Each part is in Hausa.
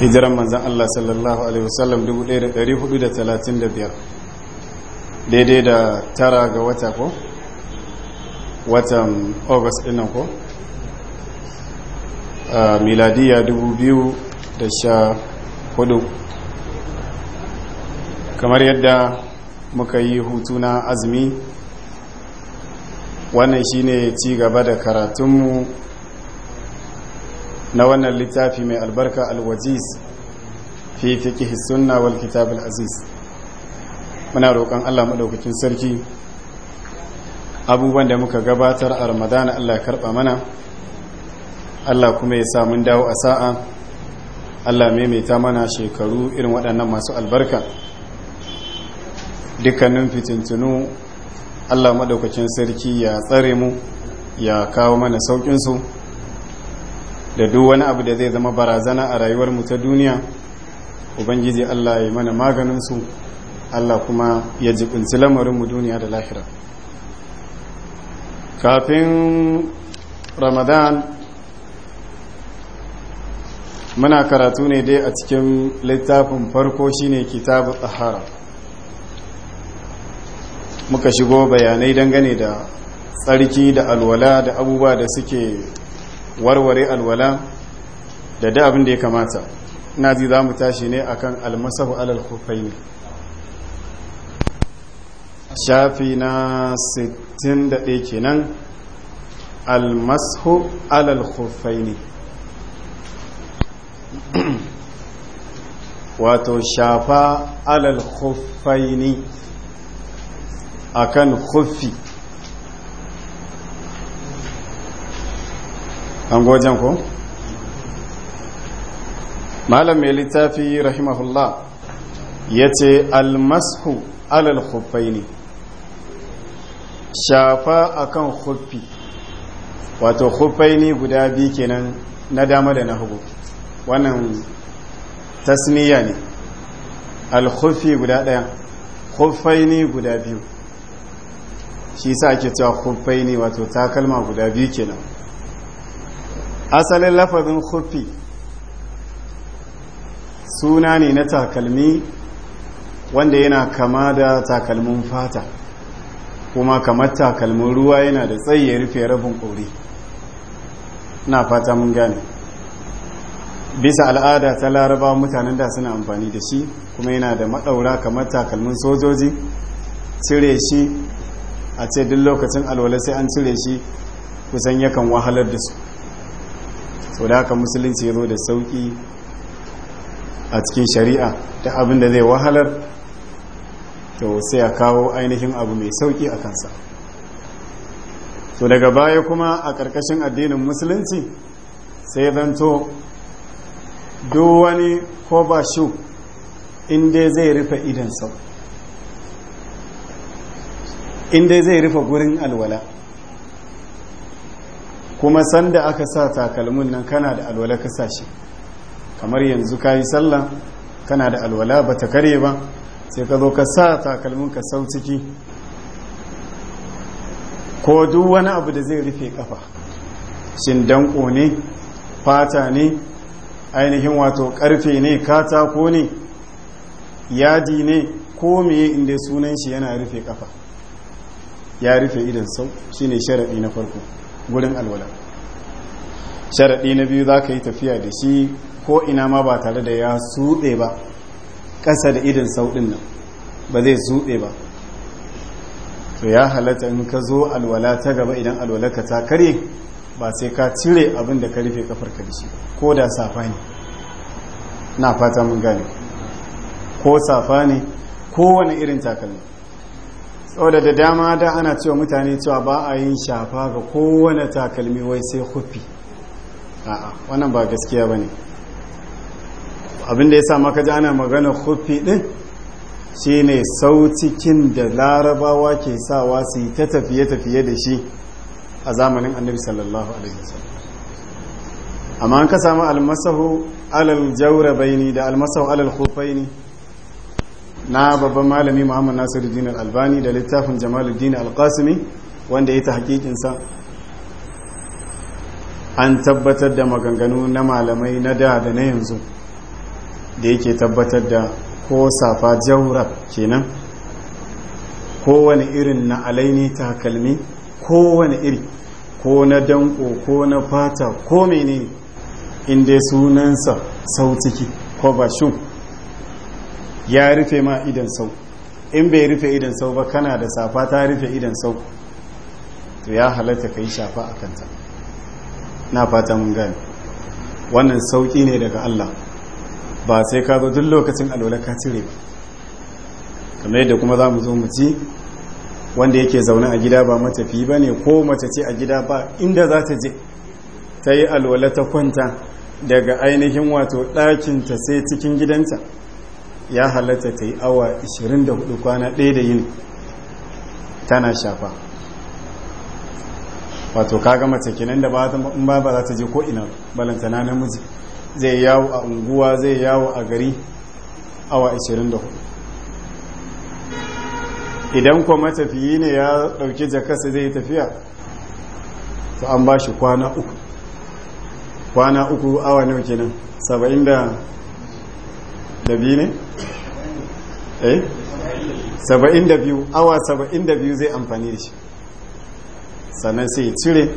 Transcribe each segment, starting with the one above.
hijiran manzan Allah sallallahu Alaihi wasallam 1435 daidai da tara ga wata ko watan august ɗinan ko a miladiya 2014 kamar yadda muka yi hutu na azumi wannan shine ci gaba da karatunmu na wannan littafi mai albarka alwajiz fi fiqh sunna wal kitab aziz muna roƙon Allah maɗaukakin sarki abubuwan da muka gabatar a ramadana Allah karɓa mana Allah kuma ya sa mun dawo a sa'a Allah maimaita mana shekaru irin waɗannan masu albarka dukkanin fitintunu Allah maɗaukacin sarki ya tsare mu ya kawo mana sauƙinsu da duk wani abu da zai zama barazana a rayuwar mu ta duniya ubangiji Allah ya mana maganin su Allah kuma ya jibinci lamarin mu duniya da lahira kafin ramadan muna karatu ne dai a cikin littafin farko shine kitabu tsahara muka shigo bayanai dangane da tsarki da alwala da abubuwa da suke warware alwala da da abin da ya kamata na ji za mu tashi ne akan almasahu alal ne shafi na 61 kenan almasahu alal ne wato shafa alal ne akan kufi an gojan ko malam mai littafi rahimahullah ya ce almasu alal khufai ne shafa a kan khuffi wato khufai ne guda biyu kenan na dama da na hagu wannan tasniya ne alkhuffi guda daya khufai ne guda biyu shi sa ake cewa khufai ne wato takalma guda biyu kenan asalin lafazin khuffi suna ne na takalmi wanda yana kama da takalmin fata kuma kamar takalmin ruwa yana da tsayi ya rufe rabin kori na fata mun gane bisa al'ada ta laraba mutanen da suna amfani da shi kuma yana da maɗaura kamar takalmin sojoji cire shi a ce duk lokacin alwala sai an cire shi kusan yakan wahalar da su sau da haka musulunci ya da sauki a cikin shari'a ta abin da zai wahalar to sai a kawo ainihin abu mai sauki a kansa to daga baya kuma a ƙarƙashin addinin musulunci sai zanto duk wani ko ba shi inda zai rufe idan sau inda zai rufe gurin alwala kuma sanda aka sa takalmin nan kana da alwala ka sa shi kamar yanzu ka yi sallah kana da alwala ba ta kare ba sai ka zo ka sa takalmin ka sau ciki ko duk wani abu da zai rufe kafa shin danko ne fata ne ainihin wato karfe ne katako ne yadi ne ko meye inda sunan shi yana rufe kafa ya rufe idan sau shine sharaɗi na farko gurin alwala sharaɗi na biyu za ka yi tafiya da shi ko ina ma ba tare da ya suɗe ba ƙasa da irin sauɗin nan ba zai suɗe ba to ya halatta in ka zo alwala ta gaba idan alwala ka ta karye ba sai ka cire abin da ka rufe kafar ka da shi ko da safa ne na fata mun gane ko safa ne kowane irin takalmi saboda da dama da ana cewa mutane cewa ba a yin shafa ga kowane takalmi wai sai hufi a'a wannan ba gaskiya ba ne abinda ya sa maka ji ana magana hufi ɗin shi ne sautikin da larabawa ke sawa su yi ta tafiye-tafiye da shi a zamanin annabi sallallahu alaihi wasallam amma an ka samu almasahu alal jaura baini da almasahu alal ne. na babban malami muhammad nasiru din albani da littafin jamaluddin alkasimi wanda ya ta hakikinsa an tabbatar da maganganu na malamai na da da na yanzu da yake tabbatar da ko safa jaura kenan kowane irin na alaini takalmi kowane iri ko na danko ko na fata ko menene inda sunansa sautiki ko bashin ya rufe ma idan sau in bai rufe idan sau ba kana da safa ta rufe idan sau to ya halatta ka yi shafa a kanta na fata mun gani wannan sauƙi ne daga Allah ba sai ka zo duk lokacin alwala ka cire ba kamar yadda kuma za mu zo mu ci wanda yake zaune a gida ba matafi ba ne ko mace ce a gida ba inda za ta je ta yi alwala ta kwanta daga ainihin wato ɗakinta sai cikin gidanta ya halatta ta yi awa 24 kwana ɗaya da yin tana shafa wato kaga mace kenan da ba ba za ta je ko ina balantana namiji zai yawo a unguwa zai yawo a gari awa 24 idan kuwa matafiyi ne ya ɗauki jakasa zai tafiya to an ba shi kwana uku kwana uku awa nawa kenan saba'in da da biyu ne? eh? saba'in da biyu awa saba'in da biyu zai amfani da shi sannan sai cire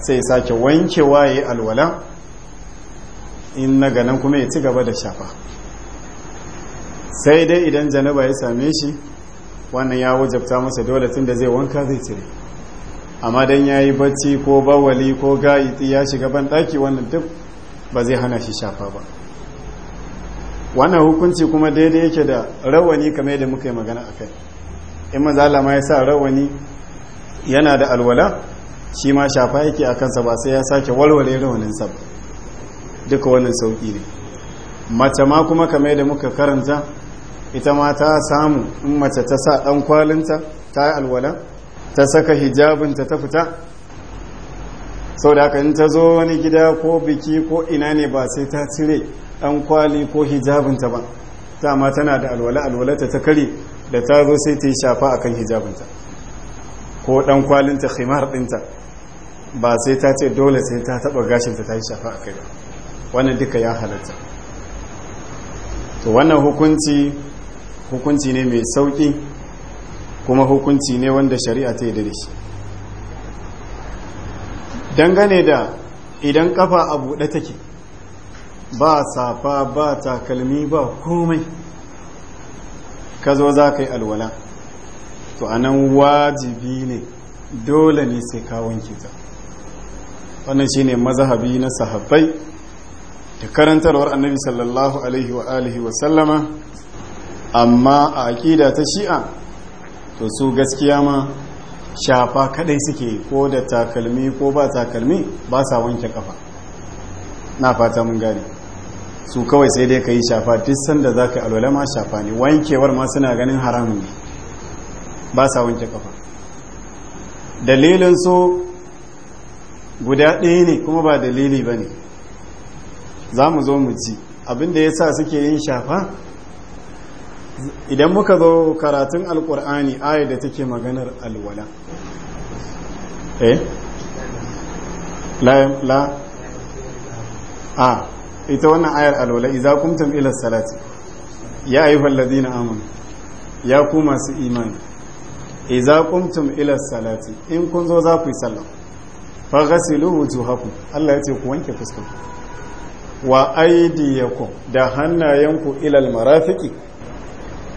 sai sake wankewa waye alwala in na ganin kuma ya ci gaba da shafa sai dai idan janaba ya same shi wannan ya wajabta masa dole tun da zai wanka zai cire amma don ya yi bacci ko bawali ko gaiti ya shiga ban ɗaki wannan duk ba zai hana shi shafa ba wannan hukunci kuma daidai yake da rawani kamar yadda muka yi magana a kai in mazala ma ya sa rawani yana da alwala shi ma shafa yake a kansa ba sai ya sake walwale rawanin sa duka wannan sauƙi ne mace ma kuma kamar yadda muka karanta ita ma ta samu in mace ta sa ɗan kwalinta ta yi alwala ta saka hijabinta ta fita sau da in ta zo wani gida ko biki ko ina ne ba sai ta cire Ɗan kwali ko hijabinta ba ma tana da alwala alwalata ta kare da ta zo sai ta yi shafa a kan hijabinta ko dan kwalinta khimar dinta ba sai ta ce dole sai ta taɓa gashinta ta yi shafa a ba wannan duka ya halatta to wannan hukunci hukunci ne mai sauƙi kuma hukunci ne wanda shari'a ta yi da shi dangane da idan kafa a buɗe take ba safa ba takalmi ba komai ka zo za ka yi alwala to a nan wajibi ne dole ne sai kawon kita wannan shi ne mazahabi na sahabbai da karantarwar annabi sallallahu alaihi wa alihi wa sallama amma a aƙida ta shi'a to su gaskiya ma shafa kadai suke ko da takalmi ko ba takalmi ba sa wanke kafa na fata mun gani su kawai sai dai ka yi shafa duk sanda za ka yi alwala ma shafa ne wankewar ma suna ganin haramun ne ba sa wanke kafa dalilin su guda ɗaya ne kuma ba dalili ba ne za mu zo mu ci abinda ya sa suke yin shafa idan muka zo karatun alkur'ani ayar da take maganar alwala eh la a ita wannan ayar alwala Iza kumtum ila salati ya ayyuhal ladina amanu ya ku masu imani Iza kumtum ila salati in kun zo za ku yi sallah fa ghasilu wujuhakum Allah yace ku wanke fuskar wa aydiyakum da hannayenku ila almarafiqi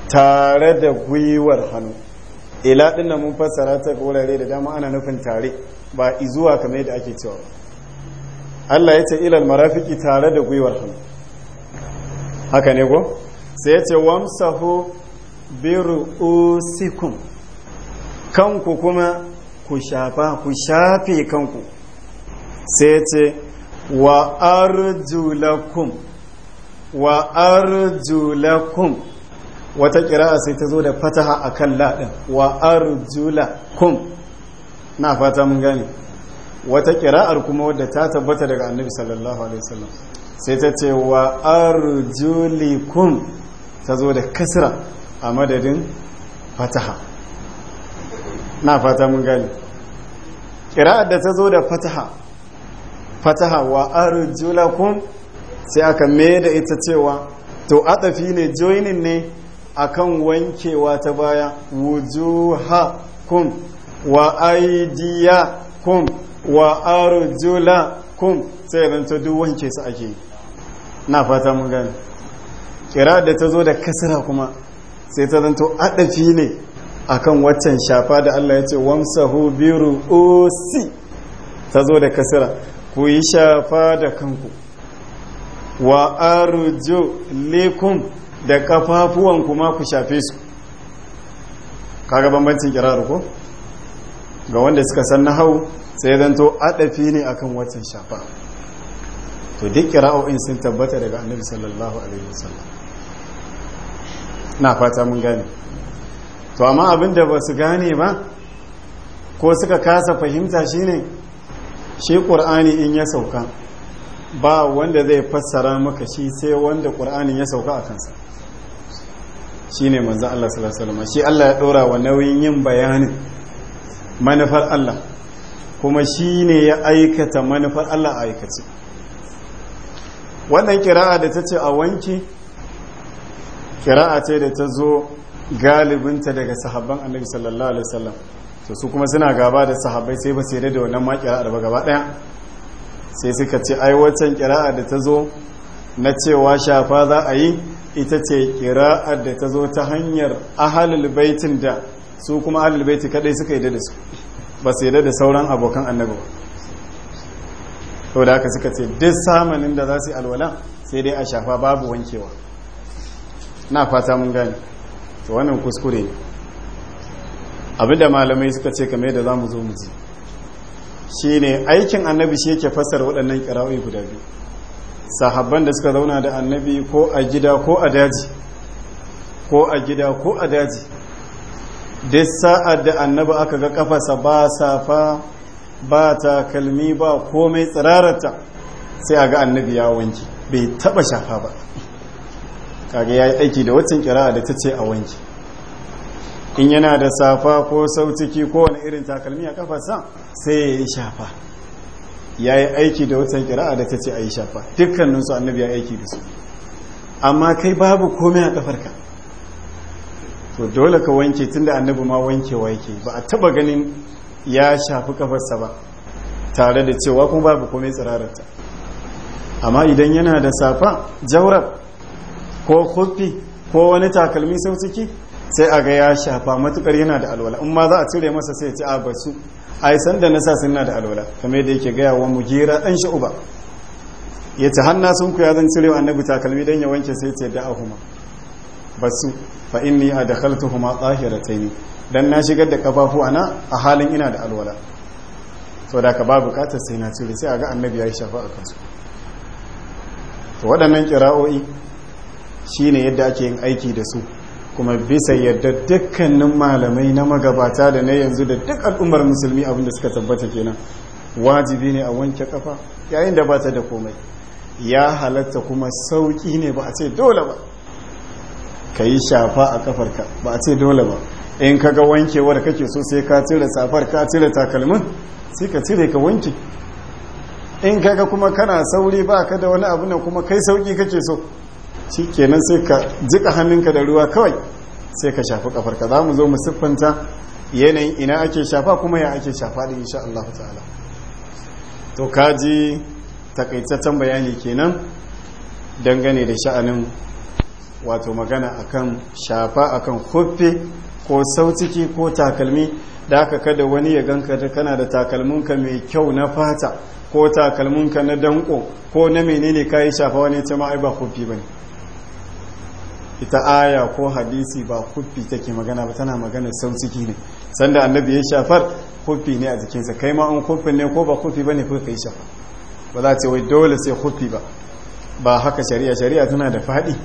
tare da gwiwar hannu ila dinnan mun fassara ta wurare da dama ana nufin tare ba izuwa kamar yadda ake cewa ba Allah ya ce ilal marafiki tare da gwiwar hannu haka ne ko sai ya ce wamsahu usikun kanku kuma ku shafa ku shafe kanku sai ya ce wa arjulakum wa arjulakum wata kira'a sai ta zo da fataha a akan laɗin wa arjulakum na fata mun gani. wata kira'ar kuma wadda ta tabbata daga annabi sallallahu alaihi wasallam sai ta ce wa arjulikum ta zo da kasra a madadin fataha na fata mun gani kira'ar da ta zo da fataha fataha wa arjulakum sai aka mai da ita cewa to atafi ne joining ne akan wankewa ta baya wujuhakum wa aidiyakum wa kun sai zanto duk wanke su ake na fata mun gani, kira da ta zo da kasara kuma sai ta zanto adaci ne akan waccan shafa da Allah ya ce wamsahu biru osi ta zo da kasara ku yi shafa da kanku wa lekun da kafafuwan kuma ku shafe su kaga bambancin kirar ko ga wanda suka san na hau. sai zan to adafi ne akan watan shafa to duk kira'o'in sun tabbata daga annabi sallallahu alaihi wasallam na fata mun gane to amma abin da ba su gane ba ko suka kasa fahimta shine shi qur'ani in ya sauka ba wanda zai fassara maka shi sai wanda qur'anin ya sauka a kansa shine manzon Allah sallallahu alaihi wasallam shi Allah ya ɗora wa nauyin yin bayanin manufar Allah kuma shi ne ya aikata manufar Allah a aikace wannan kira'a da ta ce a wanki kira'a ce da ta zo galibinta daga sahabban annabi sallallahu alaihi wasallam to su kuma suna gaba da sahabbai sai ba su yarda da wannan ma kira'a ba gaba daya sai suka ce ai wancan kira'a da ta zo na cewa shafa za a yi ita ce kira'a da ta zo ta hanyar ahalul baitin da su kuma ahalul baiti kadai suka yi da su ba su yada da sauran abokan annabi to da haka suka ce duk samanin da za su yi alwala sai dai a shafa babu wankewa na fata mun gani to wannan kuskure ne abinda malamai suka ce kamar da za mu zo mu ji shi ne aikin annabi shi yake fassar waɗannan ƙira'o'i guda biyu sahabban da suka zauna da annabi ko a gida ko a daji ko a gida ko a daji duk sa'ad da annabi aka ga kafasa ba safa ba takalmi ba komai tsirarata sai a ga annabi ya wanki bai taba shafa ba kaga ya yi aiki da waccan kira'a da ta ce a wanki in yana da safa ko sautiki ko wani irin takalmi a kafasa sai ya yi shafa ya yi aiki da waccan kira'a da ta ce a yi shafa dukkaninsu annabi ya aiki da su amma kai babu komai a kafarka to dole ka wanke tunda annabi ma wankewa yake ba a taba ganin ya shafi kafarsa ba tare da cewa kuma babu komai tsirararta amma idan yana da safa jaurab ko huffi ko wani takalmi sau ciki sai a ga ya shafa matukar yana da alwala in ma za a cire masa sai ya ci a basu ai san da nasa suna da alwala kamar da yake gaya wa mujira dan sha'uba ya ta hanna sun ku ya zan cire annabi takalmi dan ya wanke sai ya ce da ahuma basu fa inni adkhaltuhuma tahiratayn dan na shigar da kafafu ana a halin ina da alwala so da ka ba bukatar sai na cire sai a ga annabi ya yi shafa a kansu to waɗannan kira'o'i shine yadda ake yin aiki da su kuma bisa yadda dukkanin malamai na magabata da na yanzu da duk al'ummar musulmi abin da suka tabbata kenan wajibi ne a wanke kafa yayin da ba ta da komai ya halatta kuma sauki ne ba a ce dole ba ka yi shafa a kafarka ba a ce dole ba in kaga wankewar kake so sai ka cire safar ka cire takalmin sai ka cire ka wanke in kaga kuma kana sauri ba ka da wani abu na kuma kai sauki kake so shi kenan sai ka jika hannunka da ruwa kawai sai ka shafi kafarka za mu zo mu siffanta yanayin ina ake shafa kuma ya ake shafa din insha Allah ta'ala to kaji takaitaccen bayani kenan dangane da sha'anin wato magana akan shafa akan huffe ko sautiki ko takalmi da aka kada wani ya ganka kana da takalminka mai kyau na fata ko takalminka na danko ko na menene kayi shafa wani ta ma'ai ba huffi ba ne ita aya ko hadisi ba huffi take magana ba tana magana sautiki ne sanda annabi ya shafar huffi ne a jikinsa kai ma an huffi ne ko ba huffi ba ne ko kai shafa ba za ce wai dole sai huffi ba ba haka shari'a shari'a tana da faɗi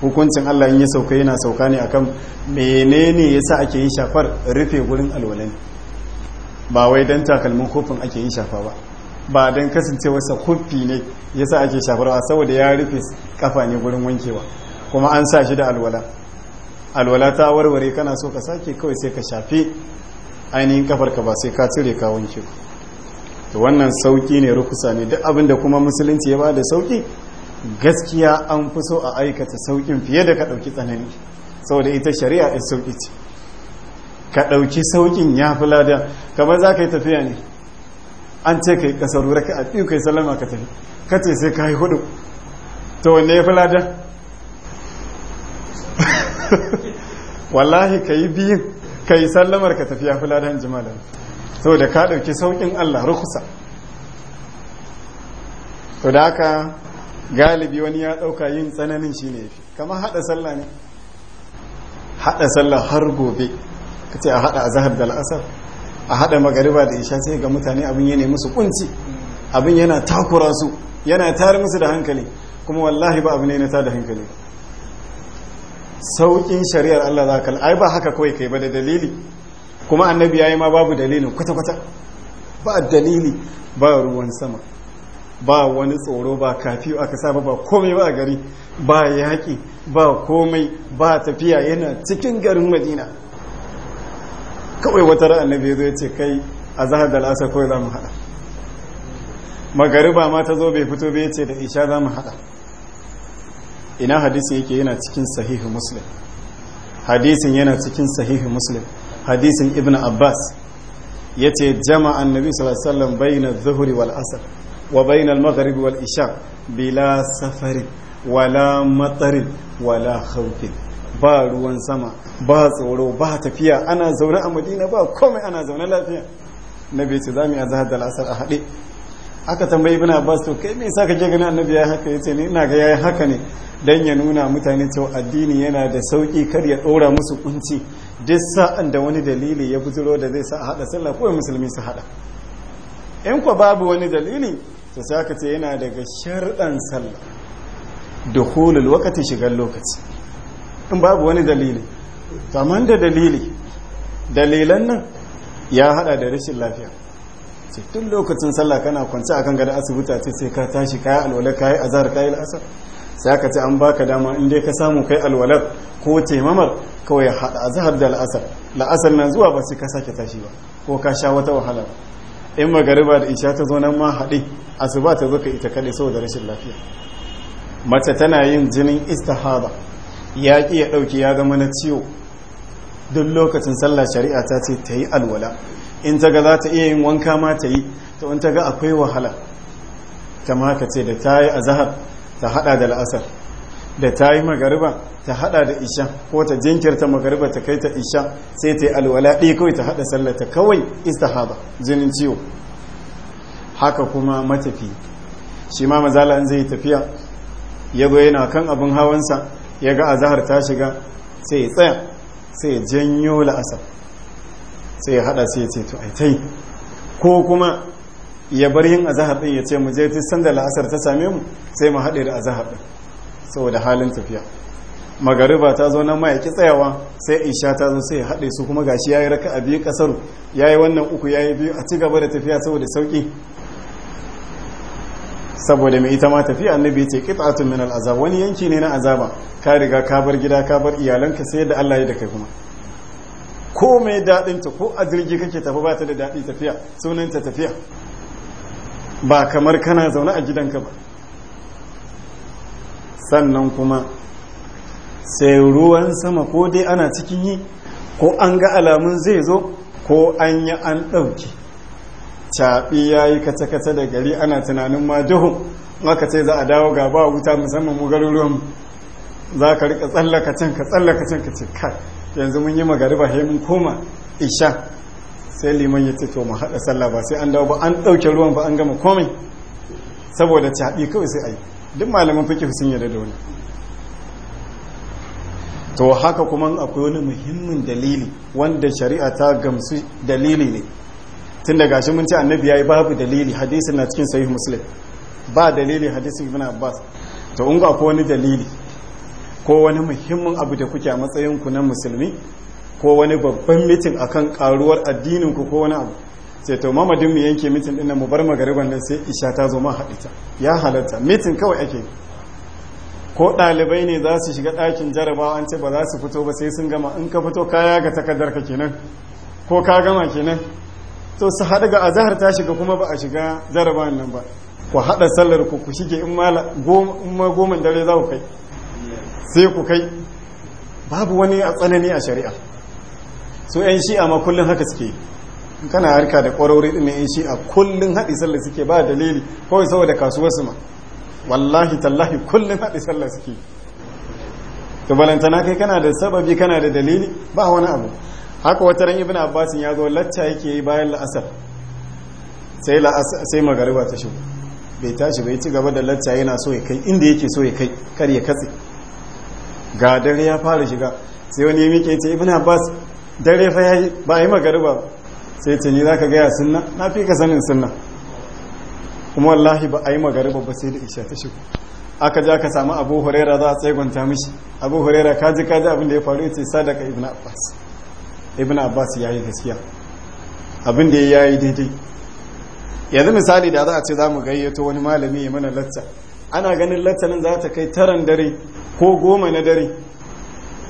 hukuncin Allah in ya sauka yana sauka ne akan menene yasa ake yin shafar rufe gurin alwala ba wai dan takalmin kofin ake yin shafa ba ba dan sa kofi ne yasa ake a saboda ya rufe kafa ne gurin wankewa kuma an sa shi da alwala alwala ta warware kana so ka sake kawai sai ka shafe ainihin kafarka ba sai ka cire ka wanke to wannan sauki ne rukusa ne duk abinda kuma musulunci ya ba da sauki gaskiya an fi so a aikata sauƙin fiye da ka ɗauki tsanani saboda ita shari'a in sauƙi ce ka ɗauki sauƙin ya fi lada kamar za ka yi tafiya ne an ce ka yi ƙasar wura ka biyu ka yi salama ka tafi ka ce sai ka yi hudu to wanne ya fi lada wallahi ka yi biyun ka yi sallamar ka tafi ya fi lada jimalar saboda ka ɗauki sauƙin allah rukusa to da haka galibi wani ya ɗauka yin tsananin shi ne kamar haɗa sallah ne haɗa sallah har gobe ka ce a haɗa a zahar da al'asar a haɗa magariba da isha sai ga mutane abin yana musu kunci abin yana takura su yana tare musu da hankali kuma wallahi ba abu ne na tada hankali sauƙin shari'ar Allah za ka ai ba haka kawai kai ba da dalili kuma annabi ya yi ma babu dalilin kwata-kwata ba dalili ba ruwan sama ba wani tsoro ba kafi aka saba ba komai ba a gari ba yaƙi ba komai ba tafiya yana cikin garin madina kawai wata ra'a ya zo ya ce kai a zahar da lasa kawai za mu haɗa magariba ma ta zo bai fito bai ce da isha za mu haɗa ina hadisi yake yana cikin sahihu muslim hadisin yana cikin sahihu muslim hadisin ibn abbas ya ce jama'an nabi sallallahu alaihi wasallam bayyana zuhuri wal asr wa bainal maghrib wal isha bila safarin wala matsarin wala khawfin ba ruwan sama ba tsoro ba tafiya ana zaune a madina ba komai ana zaune lafiya nabi ce za mu yi azahar da lasar a haɗe aka tambayi ibn abbas to kai me yasa kake ganin annabi ya haka yace ni ina ga yayi haka ne dan ya nuna mutane cewa addini yana da sauki kar ya dora musu kunci duk sa'an da wani dalili ya buzuro da zai sa a haɗa sallah ko musulmi su haɗa. in ko babu wani dalili to sa ce yana daga sharɗan sallah hulul wakati shigar lokaci in babu wani dalili kamar da dalili dalilan nan ya hada da rashin lafiya ce tun lokacin sallah kana kwance akan gada asibiti ce sai ka tashi yi alwala kai ka kai asar sai aka ce an baka dama inda ka samu kai alwalar ko taimamar kawai hada zahar da la'asar la'asar na zuwa ba sai ka sake tashi ba ko ka sha wata wahala in magariba da isha ta zo nan ma haɗe asuba ta zo ka ita kaɗe saboda rashin lafiya mace tana yin jinin istihada ya ƙi ya ɗauki ya zama na ciwo duk lokacin sallah shari'a ta ce ta yi alwala in ta ga za ta iya yin wanka ma ta yi to in ta ga akwai wahala ta maka ce da ta yi azahar ta haɗa da la'asar da ta yi magariba ta hada da isha ko ta jinkirta magariba ta kai ta isha sai ta yi alwala ɗaya kawai ta hada ta kawai istihaba jinin ciwo haka kuma matafi shi ma mazala an zai tafiya ya goye na kan abin hawansa ya ga azahar ta shiga sai ya tsaya sai ya janyo la'asar sai ya hada sai ya ce to ai ko kuma ya bar yin azahar ɗin ya ce mu je ta sanda la'asar ta same mu sai mu haɗe da azahar ɗin. saboda halin tafiya magariba ta zo nan mai ki tsayawa sai isha ta zo sai haɗe su kuma gashi yayi raka a biyu kasaru yayi wannan uku yayi biyu a cigaba da tafiya saboda sauki saboda mai ita ma tafiya annabi ce qit'atun min al'azab wani yanki ne na azaba ka riga ka bar gida ka bar iyalanka sai da Allah ya da kai kuma ko mai dadin ta ko a jirgi kake tafi ba ta da daɗi tafiya sunanta tafiya ba kamar kana zaune a gidanka ba sannan kuma sai ruwan sama ko dai ana cikin yi ko an ga alamun zai zo ko an yi an ɗauki caɓi ya yi kata kata da gari ana tunanin ma duhu maka ce za a dawo ga ba wuta musamman mu ruwan za ka rika tsallaka can ka tsallaka can ka ce ka yanzu mun yi magariba sai mun koma isha sai liman ya ce to mu haɗa sallah ba sai an dawo ba an ɗauke ruwan ba an gama komai saboda caɓi kawai sai a yi duk malaman fiqh sun yarda da wani to haka kuma akwai wani muhimmin dalili wanda shari'a ta gamsu dalili ne tun da gashi mun ci annabi ya yi babu dalili hadisin na cikin sahih muslim ba dalili hadisin ibn abbas to in akwai wani dalili ko wani muhimmin abu da kuke a matsayin ku na musulmi ko wani babban mitin akan karuwar addinin ku ko wani abu sai to mamadin mu yanke mitin dinnan mu bar magariban nan sai isha ta zo ma haɗita ya halatta mitin kawai ake ko ɗalibai ne za su shiga ɗakin jarabawa an ce ba za su fito ba sai sun gama in ka fito kaya ga takardar ka kenan ko ka gama kenan to su haɗu ga azahar ta shiga kuma ba a shiga jarabawan nan ba ku haɗa sallar ku ku shige in ma goma dare za ku kai sai ku kai babu wani a tsanani a shari'a su 'yan shi'a ma kullum haka suke yi kana harka da kwarori din ne shi a kullun haɗi sallah suke ba dalili kawai saboda kasuwar su ma wallahi tallahi kullun haɗi sallah suke to balantana kai kana da sababi kana da dalili ba wani abu haka wata ran ibn abbas ya zo lacca yake yi bayan la'asar sai la'asar sai magariba ta shigo bai tashi bai ci gaba da lacca yana so ya kai inda yake so ya kai kar ya katse ga dare ya fara shiga sai wani ya miƙe ce ibn abbas dare fa yayi ba yi magariba sai ce ni za ka gaya sunna na fi ka sanin sunna kuma wallahi ba a yi magari ba sai da isha ta shigo aka ja ka samu abu huraira za a tsegunta mishi abu huraira ka ji kaji abin da ya faru ce sadaka ibn abbas ibn abbas ya yi gaskiya abin da ya yi daidai yanzu misali da za a ce za mu gayyato wani malami ya mana latta ana ganin nan za ta kai taran dare ko goma na dare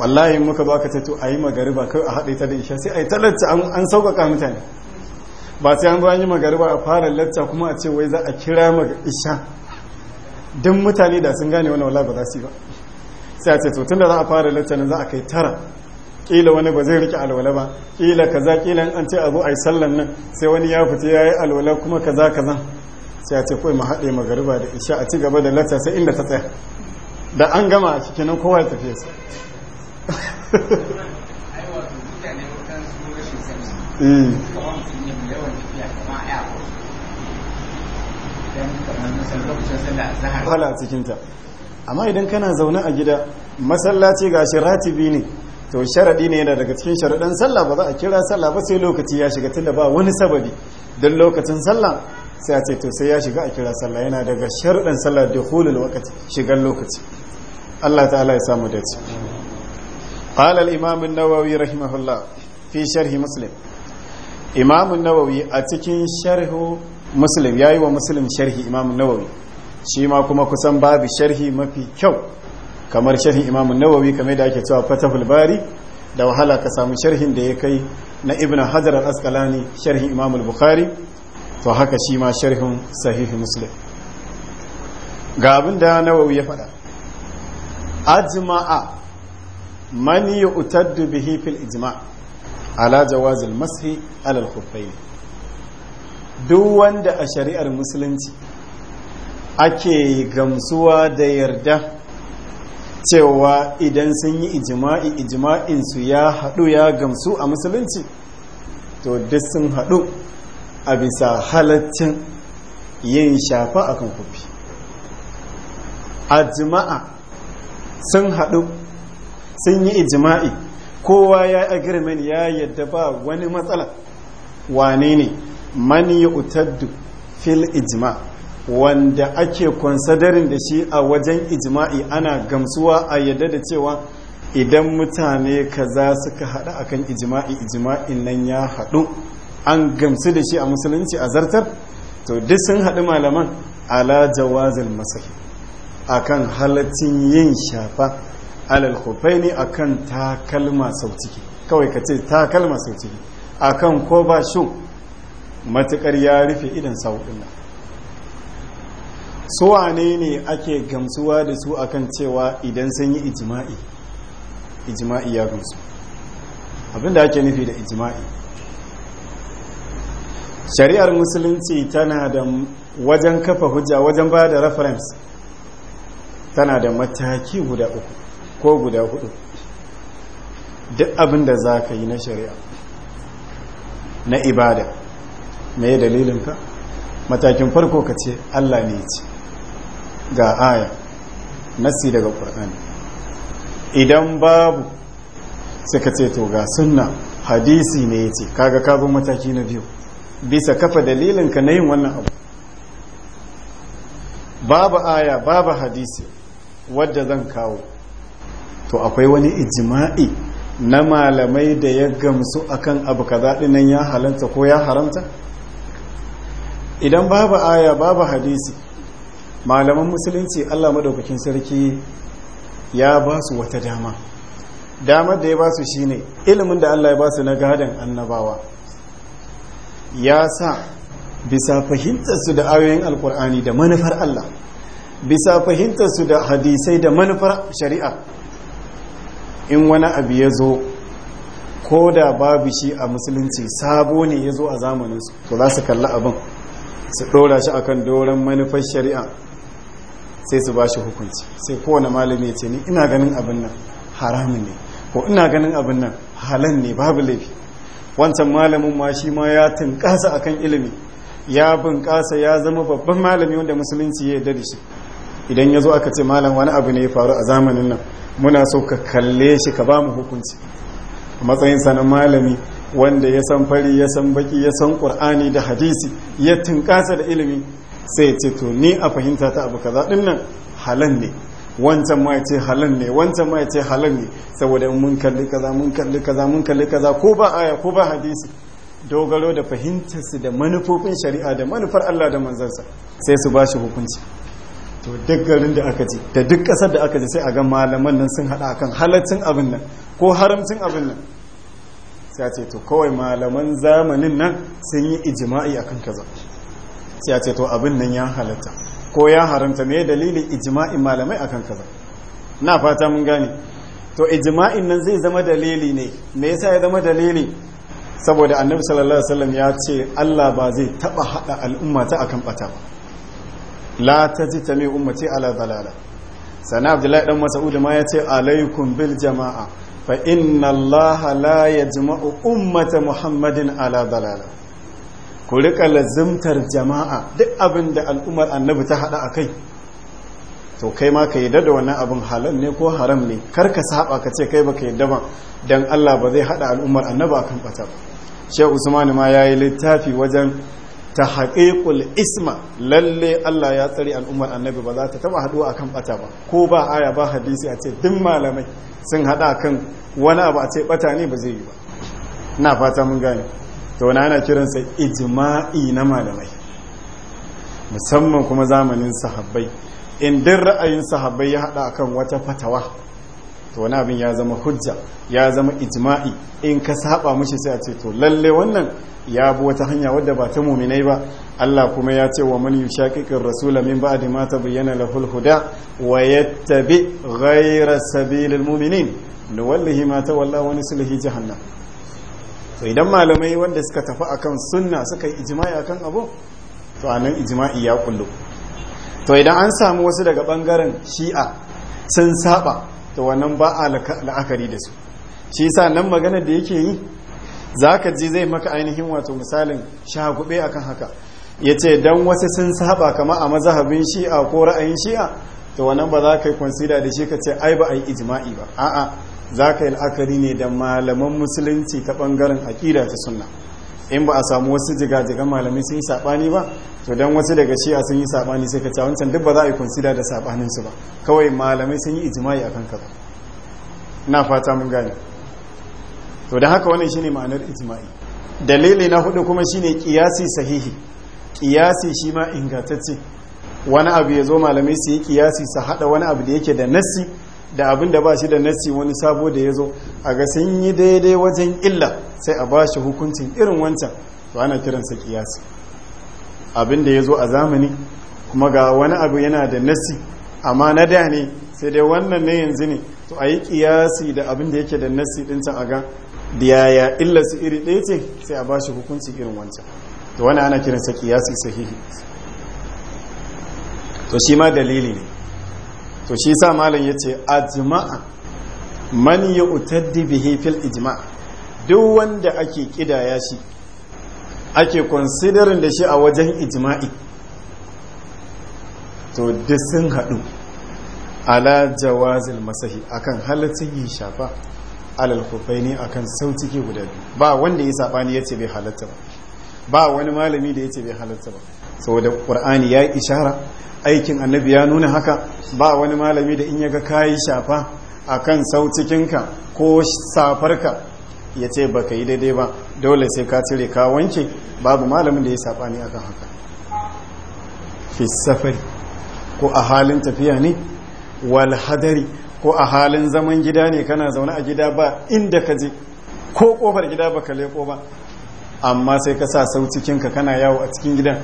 wallahi muka baka ta to ayi magariba kai a haɗe ta da isha sai ayi talatta an sauƙaƙa mutane ba sai an zo an yi magariba a fara latta kuma a ce wai za a kira maga isha don mutane da sun gane wani wala ba za su yi ba sai a ce to tunda za a fara latta nan za a kai tara kila wani ba zai rike alwala ba kila kaza kila an ce a zo a yi sallan nan sai wani ya fita ya yi alwala kuma kaza kaza sai a ce kawai mu haɗe magariba da isha a ci gaba da latta sai inda ta tsaya da an gama a cikin kowa ya tafiya wala cikinta amma idan kana zaune a gida masallaci ga shi ratibi ne to sharaɗi ne yana daga cikin sharaɗin sallah ba za a kira sallah ba sai lokaci ya shiga da ba wani sababi don lokacin sallah sai a ce to sai ya shiga a kira sallah yana daga sharaɗin sallah da hulun wakati shigar lokaci Allah ta'ala ya samu dace قال الإمام النووي رحمه الله في شرح مسلم إمام النووي أتكين شرح مسلم ياي ومسلم شرح إمام nawawi shi ma kuma kusan babu sharhi mafi kyau. kamar sharhin imamin nawawi kamar da ake cewa fatahul bari da wahala ka samu sharhin da ya kai na ibn hajar al-asqalani sharhin imamul bukhari to haka shi ma sharhin sahihi muslim ga abin da nawawi ya faɗa ajma'a man yu'taddu bihi fil ijma' ala jawaz al-mashi ala al-khuffayn duk wanda a shari'ar musulunci ake gamsuwa da yarda cewa idan sun yi ijima'i ijima'insu ya haɗu ya gamsu a musulunci to duk sun haɗu a bisa halaccin yin shafa a kufi a jima'a sun haɗu sun yi ijima'i kowa ya agirman ya yadda ba wani matsala wane ne man utaddu fil ijima wanda ake kwansadarin da shi a wajen ijima'i ana gamsuwa a yadda da cewa idan mutane kaza suka hada akan ijima'i ijima'in nan ya haɗu. an gamsu da shi a musulunci a zartar to duk sun haɗu malaman ala jawazin masai akan halaccin yin shafa alal khuffaini akan takalma sautiki, kawai ka ce takalma sautiki. akan ko ba shu matukar ya rufe idan sau din su ne ake gamsuwa da su akan cewa idan sun yi ijima'i ijima'i ya gamsu abinda ake nufi da ijima'i shari'ar musulunci tana da wajen kafa hujja wajen ba da reference tana da mataki guda uku ko guda hudu duk abin da za ka yi na shari'a na ibada mai dalilinka matakin farko ka ce allah ne ce ga aya nasi daga ƙwar'ani idan babu suka ce to ga sunna hadisi ne ya ce kaga kabin mataki na biyu bisa kafa dalilinka na yin wannan abu babu aya babu hadisi wadda zan kawo to akwai wani ijima'i na malamai da ya gamsu akan abu kaza dinan ya halanta ko ya haramta idan babu aya babu hadisi malaman musulunci Allah madaukakin sarki ya ba su wata dama damar da ya ba su shine ilimin da Allah ya ba su na gadon annabawa ya sa bisa fahimtarsu da ayoyin alkur'ani da manufar Allah bisa fahimtarsu da hadisai da manufar shari'a in wani abu ya zo ko da babu shi a musulunci sabo ne ya zo a zamaninsu to za su kalli abin su ɗora shi akan doron manufar shari'a sai su ba shi hukunci sai kowane malami ya ce ni ina ganin abin nan haramun ne ko ina ganin abin nan halan ne babu laifi wancan malamin ma shi ma ya tunkasa akan ilimi ya bunƙasa ya zama babban malami wanda musulunci ya yarda da shi idan ya zo aka ce malam wani abu ne ya faru a zamanin nan muna so ka kalle shi ka ba mu hukunci a matsayinsa na malami wanda ya san fari ya san baki ya san ƙur'ani da hadisi ya tunkasa da ilimi sai ya ce to ni a fahimta ta abu kaza din nan halan ne wancan ma ya ce halan ne wancan ma ya ce halan ne saboda mun kalli kaza mun kalli kaza mun kalli kaza ko ba aya ko ba hadisi dogaro da fahimtarsu da manufofin shari'a da manufar Allah da manzansa sai su ba shi hukunci to duk garin da aka ji da duk ƙasar da aka ji sai a ga malaman nan sun haɗa kan halaccin abin nan ko haramcin abin nan sai a ce to kawai malaman zamanin nan sun yi ijima'i akan kaza sai a ce to abin nan ya halatta ko ya haramta me dalilin ijima'i malamai akan kaza na fata mun gane to ijima'in nan zai zama dalili ne me yasa ya zama dalili saboda annabi sallallahu alaihi wasallam ya ce Allah ba zai taba hada al'umma ta akan bata ba la ta mai umarci ala dalala Sani abdullahi dan masa'udu ma ya ce alaikum bil jama'a fa inna allaha la jima'u ummata muhammadin ala dalala ku rika lazimtar jama'a duk abin da al'ummar annabi ta hada kai. to kai ma ka yadda da wannan abin halal ne ko haram ne kar ka saba ka ce kai baka yadda ba dan Allah ba zai haɗa al'ummar annabi akan bata ba Sheikh Usman ma ya yi littafi wajen ta haƙiƙul isma lalle Allah ya tsari al'ummar annabi ba za ta taɓa haɗuwa akan ɓata ba ko ba aya ba hadisi a ce duk malamai sun haɗa kan wani abu a ce ɓata ne ba zai yi ba na fata mun gane to wani ana kiransa ijima'i na malamai musamman kuma zamanin sahabbai in ra'ayin sahabbai ya haɗa akan wata fatawa to wani abin ya zama hujja ya zama ijma'i in ka saba mushi sai a ce to lalle wannan ya bi wata hanya wadda ba ta muminai ba Allah kuma ya ce wa man yushaqiqir rasula min ba'di ma tabayyana lahul huda wa yattabi ghayra sabilil mu'minin nuwallihi ma tawalla wa nuslihi jahannam to idan malamai wanda suka tafi akan sunna suka yi ijma'i akan abu to anan ijma'i ya kullu to idan an samu wasu daga bangaren shi'a sun saba to wannan ba a la'akari da su shi yasa nan magana da yake yi zaka ji zai maka ainihin wato misalin shagube akan haka yace dan wasu sun saba kama a mazhabin shi'a ko ra'ayin shi'a to wannan ba za ka yi kwansida da shi ka ce ai ba a yi ijma'i ba a'a za ka yi la'akari ne da malaman musulunci ta bangaren akida ta sunna in ba a samu wasu jigajigan malamai sun yi saɓani ba to don wasu daga a sun yi saɓani sai ka ci duk ba za a yi kunsida da saɓaninsu ba kawai malamai sun yi ijimai kan kaza na fata mun gane to don haka wannan shine ma'anar ijimai dalili na hudu kuma shine kiyasi sahihi kiyasi shi ma ingantacce wani abu ya zo malamai su yi kiyasi su haɗa wani abu da yake da nassi da abin da ba shi da nassi wani sabo da ya zo a ga sun yi daidai wajen illa sai a ba shi hukuncin irin wancan to ana kiransa kiyasi abin da ya zo a zamani kuma ga wani abu yana da nassi amma na da ne sai dai wannan na yanzu ne to a yi kiyasi da abin da yake da nassi din can a ga da illa su iri ɗaya ce sai a ba shi hukuncin irin wancan to wani ana kiransa kiyasi sahihi to shi ma dalili ne to shi sa malam ya ce ajma'a man ya utaddi bihi fil ijma' duk wanda ake kidaya shi ake considering da shi a wajen ijma'i to duk sun haɗu ala jawazil masahi akan halattun yin shafa alal kufaini akan sautuki guda biyu ba wanda ya sabani ce bai halatta ba ba wani malami da ya ce bai halatta ba saboda qur'ani ya yi ishara aikin annabi ya nuna haka ba wani malami da in yaga kayi shafa akan sautikinka ko safarka ya ce ba ka yi daidai ba dole sai ka cire ka wanke babu malamin da ya ne akan haka fi ko a halin tafiya ne walhadari ko a halin zaman gida ne kana zaune a gida ba inda ka je ko kofar gida ba ka leko ba amma sai ka sa sautikinka kana yawo a cikin gidan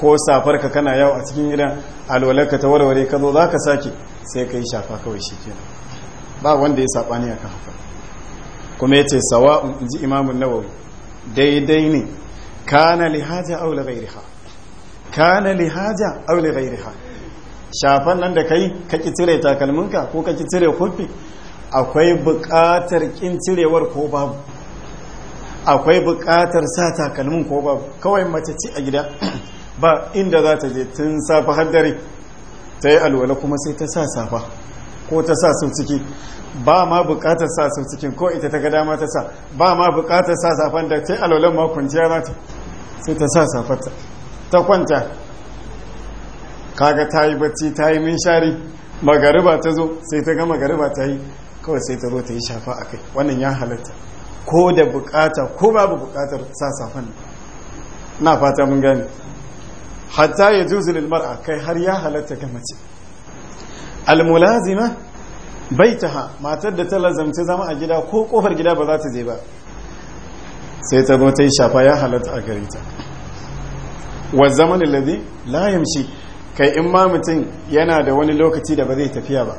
ko safar ka kana yawo a cikin gidan alwalar ka ta warware ka zo za ka sake sai ka yi shafa kawai shi kenan ba wanda ya saɓani ne kan haka kuma ya ce sawa'un in ji imamun nawawi daidai ne kana lihaja aula gairiha kana lihaja aula gairiha shafan nan da ka yi ka ki cire takalminka ko ka ki cire kofi akwai buƙatar kin cirewar ko babu akwai buƙatar sa takalmin ko babu kawai mace ce a gida ba inda za ta je tun safa haddare ta yi alwala kuma sai ta sa safa ko ta sa sau ciki ba ma bukatar sa sau cikin ko ita ta ga dama ta sa ba ma bukatar sa safan da ta yi alwala ma kwanciya za ta sai ta sa safarta ta kwanta kaga ta yi bacci ta yi minshari magariba ta zo sai ta ga magariba ta yi kawai sai ta zo ta yi shafa a kai wannan ya halatta ko da bukata ko babu bukatar sa safan na fata mun gani. hatta ya juzu a kai har ya halatta ga mace almulazima ha matar da ta lazamci zama a gida ko kofar gida ba za ta je ba sai ta zo ta yi shafa ya halatta a gare ta wa zaman alladhi la shi kai in ma mutum yana da wani lokaci da ba zai tafiya ba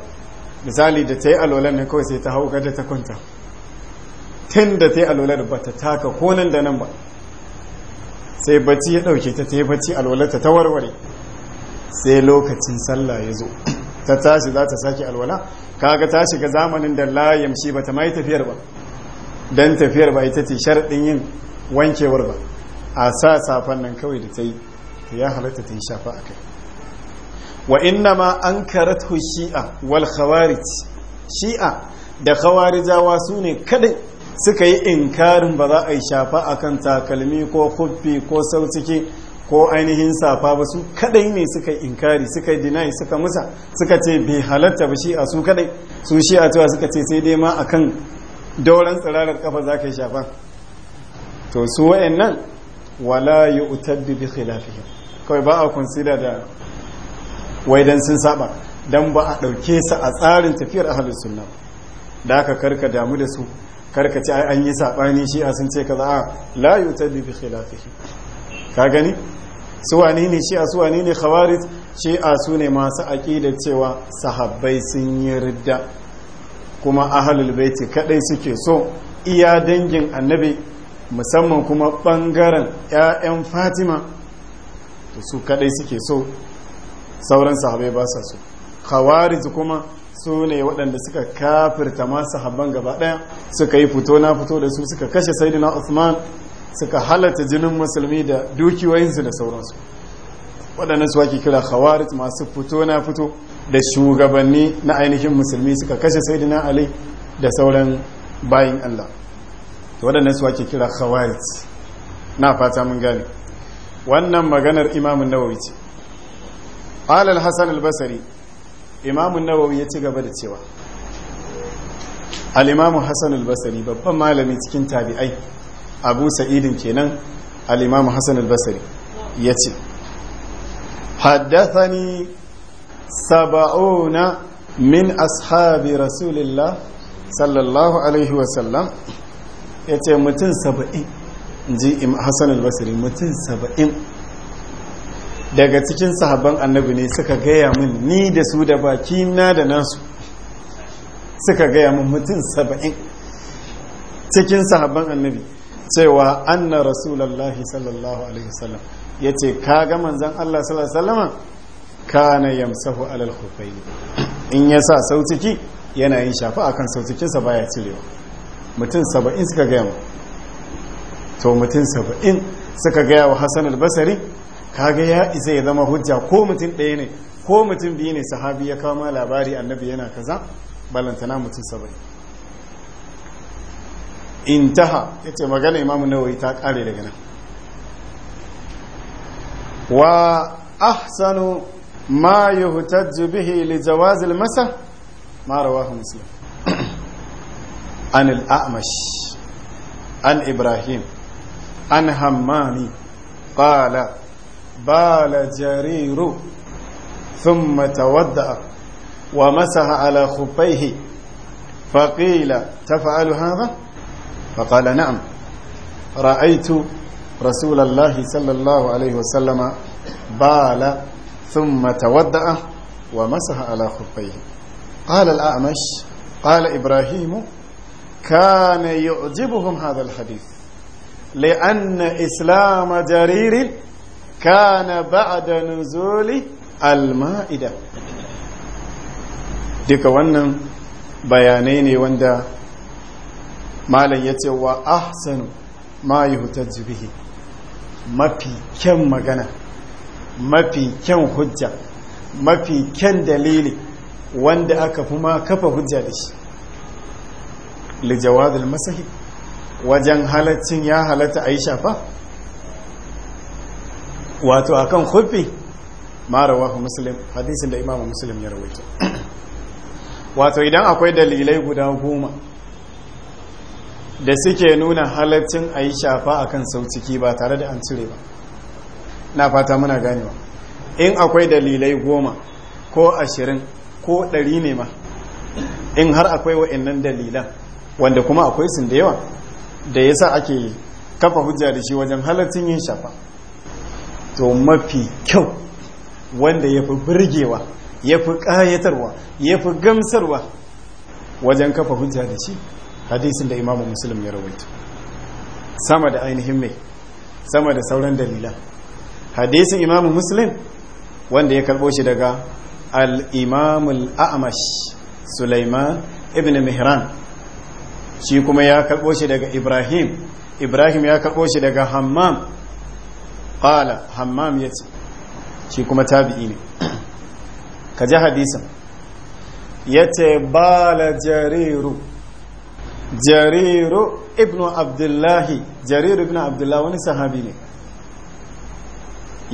misali da ta yi alolan ne kawai sai ta hau gada ta kwanta tun da ta yi alolar ba ta taka ko nan da nan ba sai bacci ya dauke ta ta yi bacci alwalarta ta warware sai lokacin sallah ya zo ta tashi za ta sake alwala kaga ta shiga zamanin da layam shi ba ta mai tafiyar ba don tafiyar ba ita ce sharaɗin yin wankewar ba a sa safan nan kawai da ta yi ya halatta ta yi shafa a kai wa inna ma an karatu shi'a wal khawarij shi'a da khawarijawa su ne kadai suka yi inkarin ba za a yi shafa a kan takalmi ko kuffi ko sautuki ko ainihin safa ba su kadai ne suka yi inkari suka yi dinayi suka musa suka ce bai halatta ba shi a su kadai su shi a cewa suka ce sai dai ma a kan dauran tsirarar kafa za ka yi shafa to su nan wala yi da bi khilafi kawai ba a kunsida da waidan sun saba dan ba a dauke su a tsarin tafiyar ahlus sunna da aka karka damu da su karkaci ce an yi saɓani shi a sun ce ka za'a la ta bibi khilafihi ka gani suwani ne shi a suwani ne khawarij shi a su ne masu aƙida cewa sahabbai sun yi ridda kuma ahalul baiti kadai suke so iya dangin annabi musamman kuma ɓangaren 'ya'yan fatima su kadai suke so sauran sahabai ba sa so khawarij kuma su ne waɗanda suka kafirta masu habban gaba ɗaya suka yi fito na fito da su suka kashe saidina Uthman suka halatta jinin musulmi da dukiyoyinsu da sauransu waɗannan su wake kira khawarij masu fito na fito da shugabanni na ainihin musulmi suka kashe saidina Ali da sauran bayin Allah waɗannan su wake kira khawarij na fata mun gane wannan maganar imamun nawawi ce qala al-hasan al-basri imamun nawawi ya ci gaba da cewa al’imamun hassan albasari babban malami cikin tabi'ai abu sa'idin kenan al’imamun hassan albasari ya ce haddathani saba'una min ashabi rasulillah sallallahu alaihi wasallam ya ce mutum saba'in ji hassan albasari mutum saba'in daga cikin sahabban annabi ne suka gaya min ni da su da baki na da nasu suka gaya min mutum saba'in cikin sahabban annabi cewa anna rasulallah sallallahu alaihi wasallam ya ce ka ga manzan Allah sallallahu alaihi na kana yamsahu alal khufayni in ya sa sautiki yana yin shafa kan sautikinsa baya cirewa mutum saba'in suka gaya min to mutum saba'in suka gaya wa Hassan al basari kaga ya isa ya zama hujja ko mutum ɗaya ne ko mutum biyu ne sahabi ya kama labari annabi yana kaza balantana mutum saba'in intaha ya ce magana imamu nawawi ta ƙare daga nan wa ahsanu ma hutar jubihi li jawazil masa mara muslim an al'amash an ibrahim an hammami ƙala بال جرير ثم تودأ ومسح على خفيه فقيل تفعل هذا فقال نعم رأيت رسول الله صلى الله عليه وسلم بال ثم تودأ ومسح على خفيه قال الأعمش قال إبراهيم كان يعجبهم هذا الحديث لأن إسلام جرير kana ba'da nuzuli al-ma'ida duka wannan bayanai ne wanda malam ya ce wa ahsanu ma yuhtajju bihi mafi kyan magana mafi kyan hujja mafi kyan dalili wanda aka fi ma kafa hujja da shi lijawadul masahi wajen halaccin ya halarta a yi wato akan khuffi ma rawahu muslim hadisin da imamu muslim ya rawaita wato idan akwai dalilai guda goma da suke nuna halaccin a yi shafa a kan sauciki ba tare da an cire ba na fata muna ganewa in akwai dalilai goma ko ashirin ko ɗari ne ma in har akwai wa'annan dalilan wanda kuma akwai sun da yawa da ya sa ake kafa hujja da shi wajen halaccin yin shafa to mafi kyau wanda ya fi birgewa ya fi ƙayatarwa ya fi gamsarwa wajen kafa hujja da shi hadisun da imamu musulun ya rawaita sama da ainihin mai sama da sauran dalila hadisin imamu musulun wanda ya karɓo shi daga al'imamul a'amash sulaiman ibn mihran shi kuma ya karɓo shi daga ibrahim ibrahim ya karɓo shi daga hammam qala hammam yace shi kuma tabi'i ne ka ji hadisin yace bala jariru jariru ibn abdullahi jariru ibn abdullahi wani sahabi ne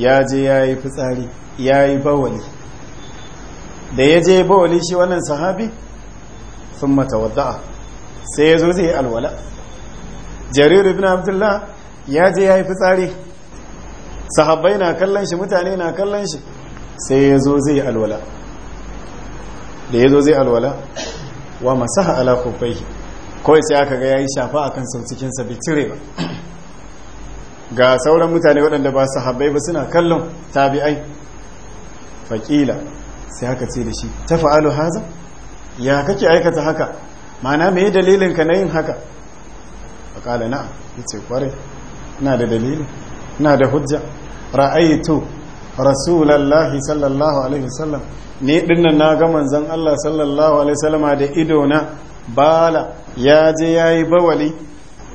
ya je ya yi fitsari ya yi bawali da ya je bawali shi wannan sahabi sun mata wadda'a sai ya zo zai alwala jariru ibn abdullahi ya je ya yi fitsari sahabbai na kallon shi mutane na kallon shi sai ya zo zai alwala da ya zo zai alwala wa masaha ala kufaihi kawai sai aka ga ya yi shafa akan saucikinsa bai cire ba ga sauran mutane waɗanda ba sahabbai ba suna kallon tabi'ai faƙila sai aka ce da shi ta fa'alu haza ya kake aikata haka mana mai dalilinka na yin haka a ƙala na'a ya ce kware na da dalilin na da hujja ra'aitu rasulallahi sallallahu alaihi wasallam ni dinna na ga manzon Allah sallallahu alaihi wasallama da ido na bala ya je yayi bawali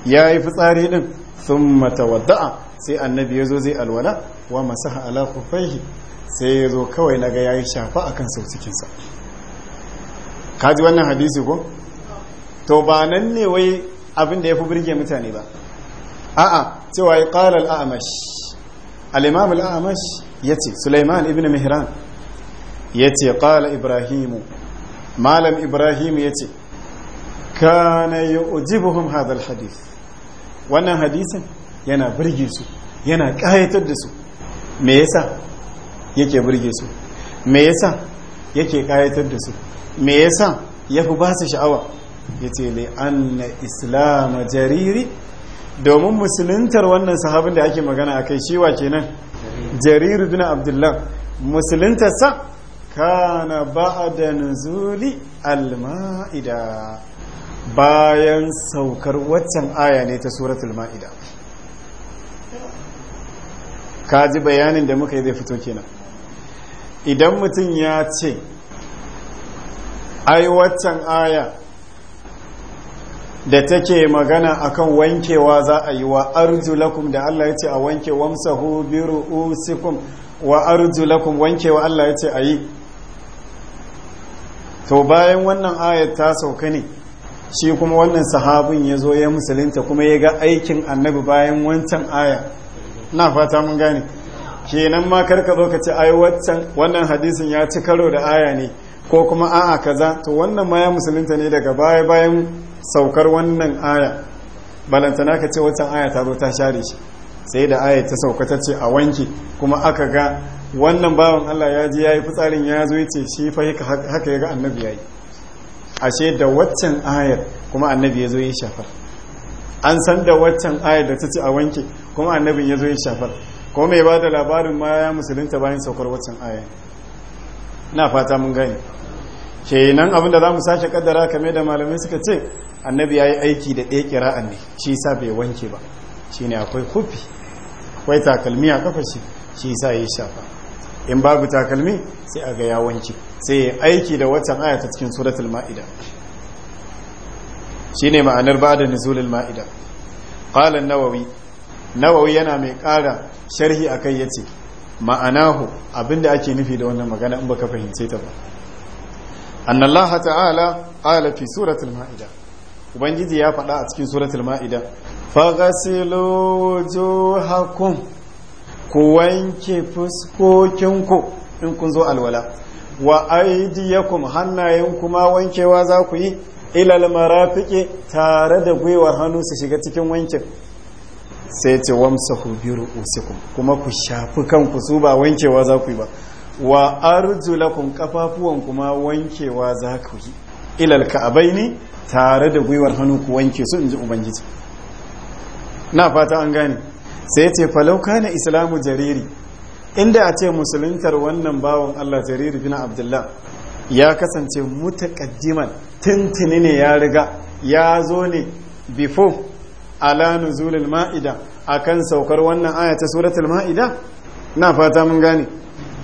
yayi fitsari din thumma tawadda'a sai annabi yazo zai alwala wa masaha ala khuffaihi sai yazo kawai naga yayi shafa akan cikin sa kaji wannan hadisi ko to ba nan ne wai abin da fi burge mutane ba a'a cewa ya qala al-a'mash al al'amash ya amash yace sulaiman ibn mihran yace ƙala ibrahim malam ibrahim yace na yu'jibuhum hadha al-hadith wannan hadisin yana burge su yana kayatar da su me yasa yake birge su me yasa yake kayatar da su me yasa yafi ba su sha'awa yace an na islam jariri domin musuluntar wannan sahabin da ake magana a kai shiwa kenan jarir bin abdullah musuluntarsa kana da nuzuli alma'ida bayan saukar waccan aya ne ta surat ma'ida ka ji bayanin da muka yi zai fito kenan idan mutum ya ce ai waccan aya da take magana akan wankewa za a yi wa arjulakum da Allah ya ce a wanke wamsahu bi ru'usikum wa arjulakum wankewa Allah ya ce a yi to bayan wannan ayat ta sauka ne shi kuma wannan sahabin ya zo ya musulunta kuma ya ga aikin annabi bayan wancan aya na fata mun gane kenan ma karka zo ka ce ai wancan wannan hadisin ya ci karo da aya ne ko kuma a'a kaza to wannan ma ya musulunta ne daga baya bayan saukar wannan aya balantana ka ce wata aya ta zo ta share shi sai da aya ta sauka ta ce a wanke kuma aka ga wannan bawan Allah ya ji yayi fitsarin ya zo yace shi fa haka ya ga annabi yayi ashe da waccan ayar kuma annabi ya zo ya shafar an san da waccan ayar da ta ce a wanke kuma annabin ya zo ya shafar ko mai ba da labarin ma ya musulunta bayan saukar waccan ayar na fata mun gani kenan abin da za mu sashe kaddara kame da malamai suka ce annabi ya yi aiki da ɗaya kira'an ne shi sa bai wanke ba shi ne akwai kufi akwai takalmi a kafa shi shi sa ya shafa in babu takalmi sai a ga ya wanke sai ya aiki da watan aya ta cikin suratul ma'ida shi ne ma'anar ba da nizulul ma'ida ƙalan nawawi nawawi yana mai ƙara sharhi akai yace ma'anahu abinda ake nufi da wannan magana in baka fahimce ta ba anna Allah ta'ala ala fi suratul ma'ida ubangiji ya faɗa a cikin suratul ma'ida faghasilu wujuhakum ku wanke fuskokinku in kun zo alwala wa aydiyakum hannayen kuma wankewa za ku yi ilal marafiki tare da gwiwar hannu su shiga cikin wankin sai ce wamsahu bi ru'usikum kuma ku shafi kanku su ba wankewa za ku yi ba wa lakum kafafuwan kuma wankewa za ku yi ilal ka'abaini tare da gwiwar hannu ku wanke su inji ubangiji na fata an gane sai ya ce falauka na islamu jariri inda a ce musuluntar wannan bawan Allah jariri bin abdullah ya kasance mutakaddiman tintini ne ya riga ya zo ne before ala nuzulul ma'ida akan saukar wannan ayata ta suratul ma'ida na fata mun gane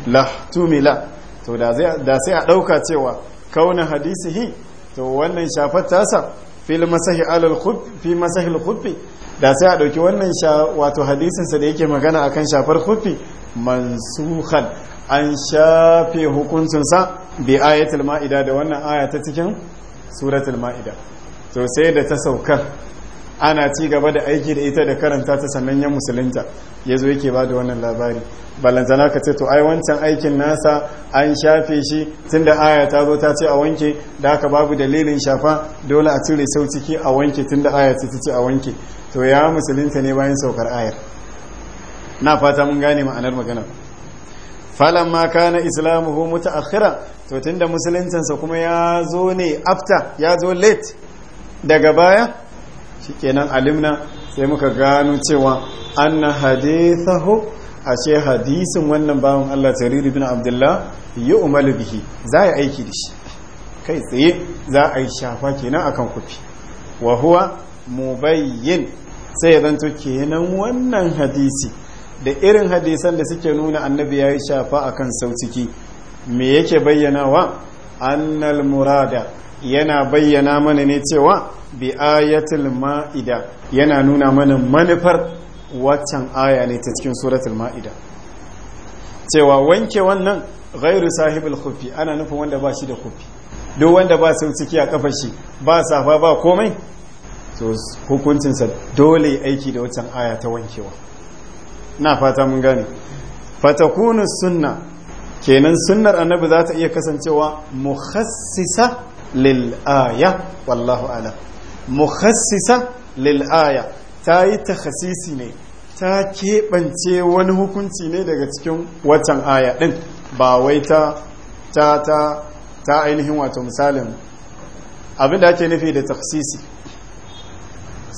lahtumila to da sai a ɗauka cewa kauna hadisihi to wannan shafar tasa fil masahi alal fi masahi al da sai a ɗauki wannan wato hadisinsa da yake magana akan shafar khuffi mansukhan an shafe hukuncin sa bi ayatul ma'ida da wannan aya ta cikin suratul ma'ida to sai da ta sauka ana ci gaba da aiki da ita da karanta ta sannan ya musulunta ya zo yake ba da wannan labari balanzana ka ce to ai wancan aikin nasa an shafe shi tunda aya ta zo ta ce a wanke da aka babu dalilin shafa dole a cire sau ciki a wanke tunda aya ta ce a wanke to ya musulunta ne bayan saukar ayar na fata mun gane ma'anar magana falon maka na ko mutu a kira to tunda musuluncinsa kuma ya zo ne after ya zo late daga baya shikenan alimna sai muka gano cewa anna hadithahu ashe hadisin wannan bawan Allah Jarir ibn Abdullah ya bihi za a aiki da shi kai tsaye za a yi shafa kenan akan kufi wa huwa mubayyin sai ya zanto kenan wannan hadisi da irin hadisan da suke nuna annabi ya yi shafa akan ciki me yake wa annal murada yana bayyana mana ne cewa bi ayatul ma'ida yana nuna mana manufar waccan aya ne ta cikin suratul ma'ida cewa wanke wannan ghairu sahibul khuffi ana nufin wanda ba shi da khuffi duk wanda ba sai ciki a kafashi shi ba safa ba komai to hukuncinsa dole aiki da waccan aya ta wankewa na fata mun gane fatakunus sunna kenan sunnar annabi za ta iya kasancewa mukhassisa lil'aya wallahu alam mukhassisa lil'aya ta yi takhasisi ne ta keɓance wani hukunci ne daga cikin watan aya ɗin ba wai ta ta ta ta ainihin wato misalin abin da ake nufi da takhasisi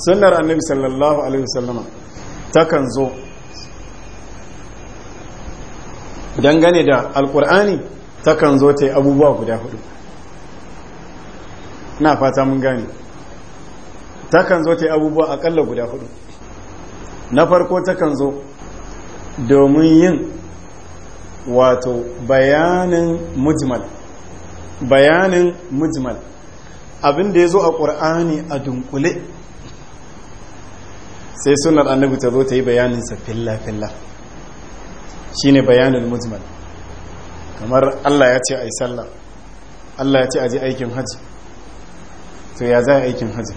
sunnar annabi sallallahu alaihi wasallama kan zo dangane da alkur'ani takan zo ta yi abubuwa guda hudu na fata mun gane takan zo ta abubuwa akalla guda hudu na farko takan zo domin yin wato bayanin mujmal bayanin mujmal abin da ya zo a ƙur'ani a dunkule sai sunar annabi ta zo ta yi bayaninsa filla-filla shi ne bayanin mujmal kamar allah ya ce a yi sallah allah ya ce a ji aikin hajji to ya za a aikin hajji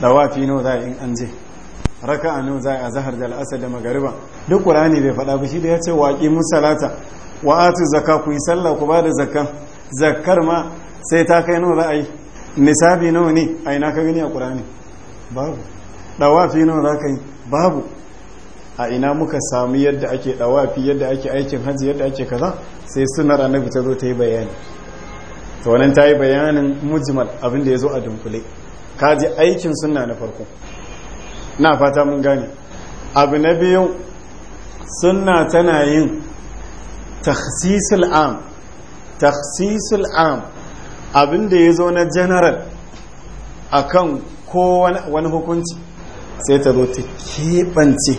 dawafi nawa za a in an je a no za a zahar da al'asar da magariba duk ƙur'ani bai faɗa ba shi da ya ce waƙi musalata wa atu zakka ku yi sallah ku ba da zakka zakkar ma sai ta kai nawa za a yi nisabi nawa ne a ina ka gani a ƙur'ani. babu dawafi nawa za ka yi babu a ina muka samu yadda ake dawafi yadda ake aikin hajji yadda ake kaza sai sunar annabi ta zo ta yi bayani to wannan ta yi bayanin mujmal abin da ya zo a dunkule ka ji aikin sunna na farko na fata mun gane abu na biyu sunna tana yin taksisul am takhsisul am abin da ya zo na general akan kan wani hukunci sai ta zo ta keɓance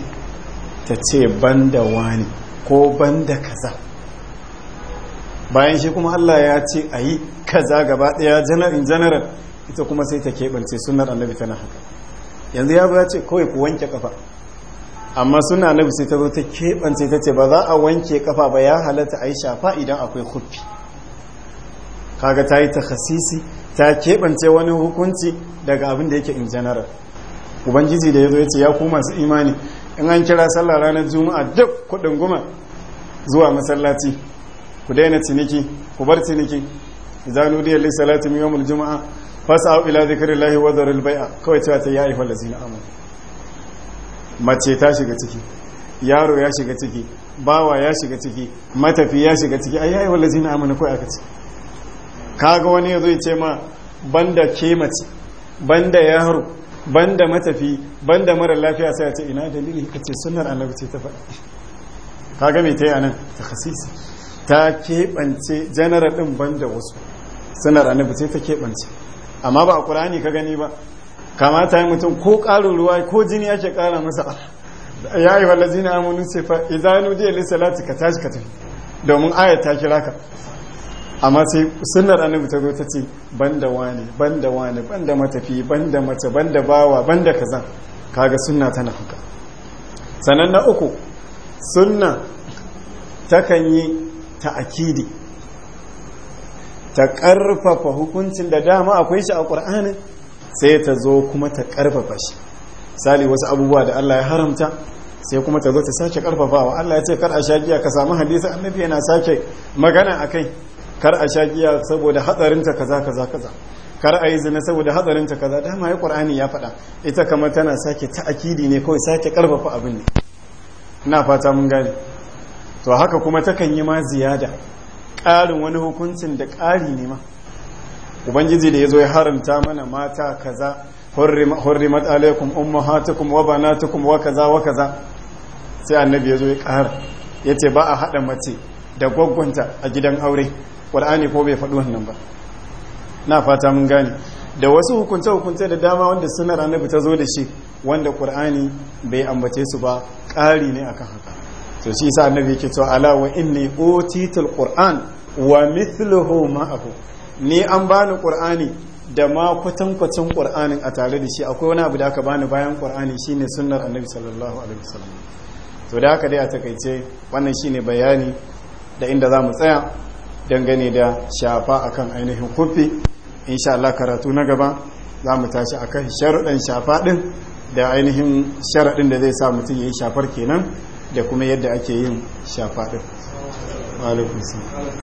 ta ce banda wani ko banda kaza bayan shi kuma Allah ya ce a yi kaza gaba ɗaya in general ita kuma sai ta keɓance sunar annabi tana haka yanzu ya ba ce kawai ku wanke kafa amma suna annabi sai ta zo ta keɓance ta ce ba za a wanke kafa ba ya halatta a yi shafa idan akwai huffi kaga ta yi ta hasisi ta keɓance wani hukunci daga abin da yake in general ubangiji da ya zo ya ce ya ku masu imani in an kira sallah ranar juma'a duk kuɗin goma zuwa masallaci ku daina ciniki ku bar ciniki zanu nudiya li salati min juma'a jumu'a fas'au ila dhikrillahi wa dharil bai'a kawai cewa ta ya ayyuhal ladzina amanu mace ta shiga ciki yaro ya shiga ciki bawa ya shiga ciki matafi ya shiga ciki ai ayyuhal ladzina amanu kawai aka ci kaga wani yazo ya ce ma banda ke mace banda yaro banda matafi banda mara lafiya sai ya ce ina dalili kace sunnar annabi ce ta faɗi kaga me tayi anan khasisi ta keɓance general ɗin ban da wasu sunar annabi sai ta keɓance amma ba a ƙurani ka gani ba kamata yi mutum ko ƙarin ruwa ko jini ake ƙara masa ya yi wala jini amonu ce fa idanu diya lissalati ka tashi ka tafi domin ayat ta kira ka amma sai sunar annabi ta zo ta ce banda wani da wani da matafi da mace da bawa ban da kaza kaga sunna tana haka sannan na uku sunna takan yi ta'akidi ta ƙarfafa hukuncin da dama akwai shi a kur'ani sai ta zo kuma ta ƙarfafa shi sali wasu abubuwa da Allah ya haramta sai kuma ta zo ta sake ƙarfafawa Allah ya ce kar a sha ka samu hadisi annabi yana sake magana a kai kar a sha saboda hatsarinta kaza kaza kaza kar a yi zina saboda hatsarinta kaza dama ya ƙwar'ani ya faɗa ita kamar tana sake ta'akidi ne kawai sake ƙarfafa abin ne ina fata mun gane to haka kuma takan yi ma ziyada ƙarin wani hukuncin da ƙari ne ma ubangiji da ya zo ya haramta mana mata kaza hurrimat alaikum ummahatukum wa banatukum wa kaza wa kaza sai annabi ya zo ya ƙara ya ce ba a haɗa mace da gwaggwanta a gidan aure ƙwar'ani ko bai faɗi wannan ba na fata mun gane da wasu hukunce-hukunce da dama wanda sunar annabi ta zo da shi wanda ƙur'ani bai ambace su ba ƙari ne akan haka to shi sa annabi yake cewa ala wa inni utitul qur'an wa mithluhu ma'ahu ni an bani qur'ani da ma kwatankwacin qur'anin a tare da shi akwai wani abu da aka bani bayan qur'ani shine sunnar annabi sallallahu alaihi wasallam to da haka dai a takaice wannan shine bayani da inda zamu tsaya dangane da shafa akan ainihin kufi insha Allah karatu na gaba za mu tashi akan sharuɗan shafa ɗin da ainihin sharaɗin da zai sa mutum ya yi shafar kenan da kuma yadda ake yin shafa